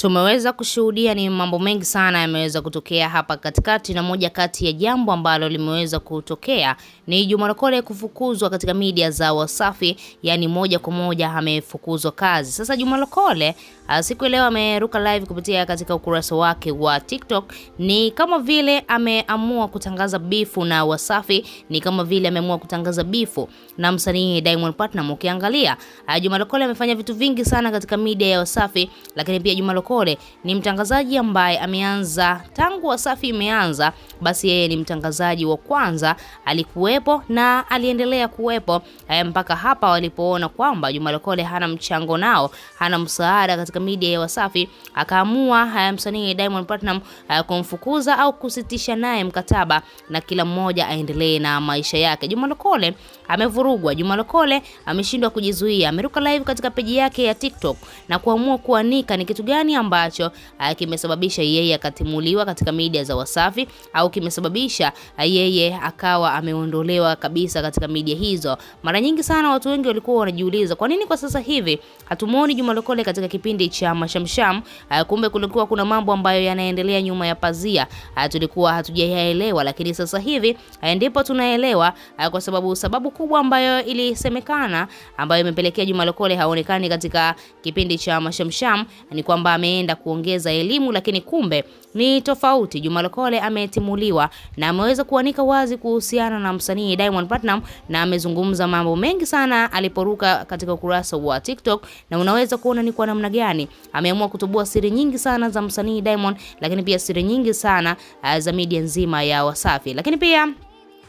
Tumeweza kushuhudia ni mambo mengi sana yameweza kutokea hapa katikati, na moja kati ya jambo ambalo limeweza kutokea ni Juma Lokole kufukuzwa katika media za Wasafi, yani moja kwa moja amefukuzwa kazi. Sasa Juma Lokole ah, siku leo ameruka live kupitia katika ukurasa wake wa TikTok, ni kama vile ameamua kutangaza bifu na Wasafi, ni kama vile ameamua kutangaza bifu na msanii Diamond Platnumz. Ukiangalia ah, Juma Lokole amefanya vitu vingi sana katika media ya Wasafi, lakini pia Juma Lokole Makole ni mtangazaji ambaye ameanza tangu Wasafi imeanza, basi yeye ni mtangazaji wa kwanza, alikuwepo na aliendelea kuwepo eh, mpaka hapa walipoona kwamba Juma Lokole hana mchango nao, hana msaada katika media ya Wasafi, akaamua eh, msanii Diamond Platinum eh, kumfukuza au kusitisha naye mkataba na kila mmoja aendelee na maisha yake. Juma Lokole amevurugwa, Juma Lokole ameshindwa kujizuia, ameruka live katika peji yake ya TikTok na kuamua kuanika ni kitu gani ambacho ah, kimesababisha yeye akatimuliwa katika media za Wasafi au kimesababisha ah, yeye akawa ameondolewa kabisa katika media hizo. Mara nyingi sana watu wengi walikuwa wanajiuliza kwa nini kwa sasa hivi hatumuoni Juma Lokole katika kipindi cha Mashamsham. Ah, kumbe kulikuwa kuna mambo ambayo yanaendelea nyuma ya pazia, tulikuwa hatujayaelewa, lakini sasa hivi ndipo tunaelewa, kwa sababu sababu kubwa ambayo ilisemekana ambayo imepelekea Juma Lokole haonekani katika kipindi cha Mashamsham ni kwamba ame ameenda kuongeza elimu, lakini kumbe ni tofauti. Juma Lokole ametimuliwa na ameweza kuanika wazi kuhusiana na msanii Diamond Platnumz na amezungumza mambo mengi sana aliporuka katika ukurasa wa TikTok, na unaweza kuona ni kwa namna gani ameamua kutubua siri nyingi sana za msanii Diamond, lakini pia siri nyingi sana eh, za media nzima ya Wasafi, lakini pia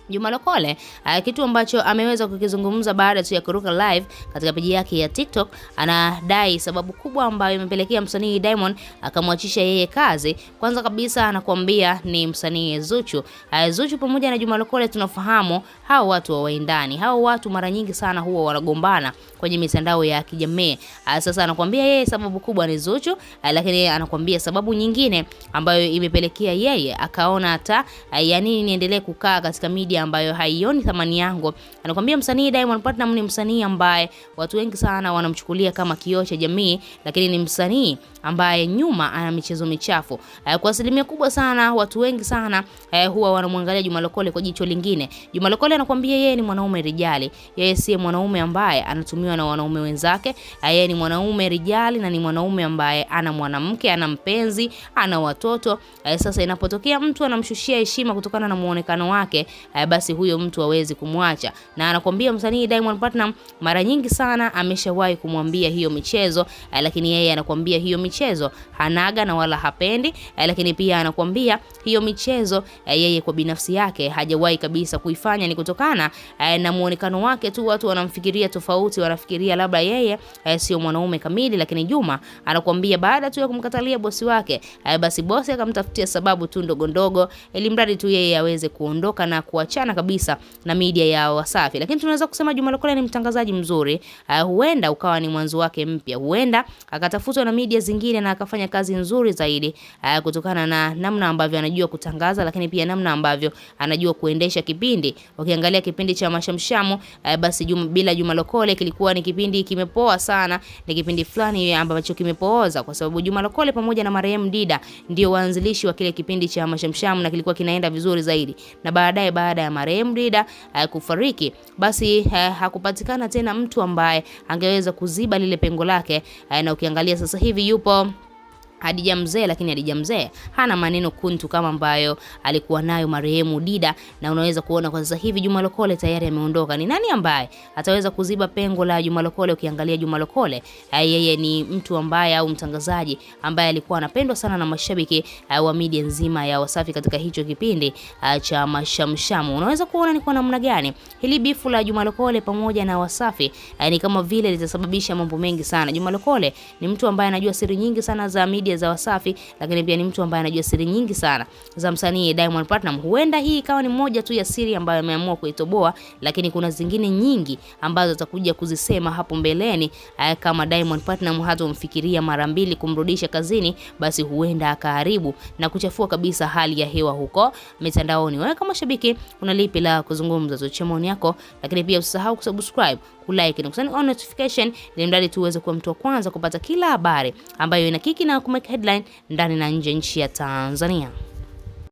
Juma Lokole, eh, kitu ambacho ameweza kukizungumza baada tu ya kuruka live katika peji yake ya TikTok, anadai sababu kubwa ambayo imepelekea msanii Diamond akamwachisha yeye kazi. Kwanza kabisa anakuambia ni msanii Zuchu. Eh, Zuchu pamoja na Juma Lokole tunafahamu hao watu wa waindani. Hao watu mara nyingi sana huwa wanagombana kwenye mitandao ya kijamii. Eh, sasa anakuambia yeye sababu kubwa ni Zuchu, lakini anakuambia sababu nyingine ambayo imepelekea yeye akaona hata ya nini niendelee kukaa katika media moja ambayo haioni thamani yangu. Anakuambia msanii Diamond Platnumz ni msanii ambaye watu wengi sana wanamchukulia kama kioo cha jamii, lakini ni msanii ambaye nyuma ana michezo michafu. Eh, kwa asilimia kubwa sana watu wengi sana eh, huwa wanamwangalia Juma Lokole kwa jicho lingine. Juma Lokole anakuambia yeye ni mwanaume rijali, yeye si mwanaume ambaye anatumiwa na wanaume wenzake. Eh, yeye ni mwanaume rijali na ni mwanaume ambaye ana mwanamke, ana mpenzi, ana watoto. Sasa inapotokea mtu anamshushia heshima kutokana na muonekano wake basi huyo mtu hawezi kumwacha, na anakuambia msanii Diamond Platnumz mara nyingi sana ameshawahi kumwambia hiyo michezo, eh, lakini yeye anakuambia hiyo michezo hanaga na wala hapendi, eh, lakini pia anakuambia hiyo michezo eh, yeye kwa binafsi yake hajawahi kabisa kuifanya, ni kutokana na muonekano wake tu, watu wanamfikiria tofauti, wanafikiria labda yeye sio mwanaume kamili. Lakini Juma anakuambia baada tu ya kumkatalia bosi wake, basi bosi akamtafutia sababu tu ndogo ndogo, ili mradi tu yeye aweze kuondoka na kuacha kuachana kabisa na media ya Wasafi, lakini tunaweza kusema Juma Lokole ni mtangazaji mzuri. Ah, huenda Uh, ukawa ni mwanzo wake mpya, huenda akatafutwa na media zingine na akafanya kazi nzuri zaidi, uh, kutokana na namna ambavyo anajua kutangaza, lakini pia namna ambavyo anajua kuendesha kipindi. Ukiangalia kipindi cha Mashamshamu uh, ah, basi jum, bila Juma Lokole kilikuwa ni kipindi kimepoa sana, ni kipindi fulani ambacho kimepooza kwa sababu Juma Lokole pamoja na marehemu Dida ndio waanzilishi wa kile kipindi cha Mashamshamu na kilikuwa kinaenda vizuri zaidi na baadaye baada baada ya marehemu Dida eh, kufariki, basi eh, hakupatikana tena mtu ambaye angeweza kuziba lile pengo lake, eh, na ukiangalia sasa hivi yupo Hadija Mzee, lakini Hadija Mzee hana maneno kuntu kama ambayo alikuwa nayo marehemu Dida, na unaweza kuona kwa sasa hivi Juma Lokole tayari ameondoka. Ni nani ambaye ataweza kuziba pengo la Juma Lokole? Ukiangalia Juma Lokole, eh, yeye ni mtu ambaye au mtangazaji ambaye alikuwa anapendwa sana na mashabiki eh, wa media nzima ya Wasafi katika hicho kipindi eh, cha Mashamshamu. Unaweza kuona ni kwa namna gani hili bifu la Juma Lokole pamoja na Wasafi ni kama vile litasababisha mambo mengi sana. Juma Lokole ni mtu ambaye anajua siri nyingi sana za media moja za Wasafi, lakini pia ni mtu ambaye anajua siri nyingi sana za msanii Diamond Platinum. Huenda hii ikawa ni moja tu ya siri ambayo ameamua kuitoboa, lakini kuna zingine nyingi ambazo atakuja kuzisema hapo mbeleni. Eh, kama Diamond Platnumz hatomfikiria mara mbili kumrudisha kazini, basi huenda akaharibu na kuchafua kabisa hali ya hewa huko mitandaoni. Wewe kama shabiki una lipi la kuzungumza? Tuachie maoni yako, lakini pia usisahau kusubscribe kulike na kusani on notification, ili mradi tu uweze kuwa mtu wa kwanza kupata kila habari ambayo inakiki na kumake headline ndani na nje nchi ya Tanzania.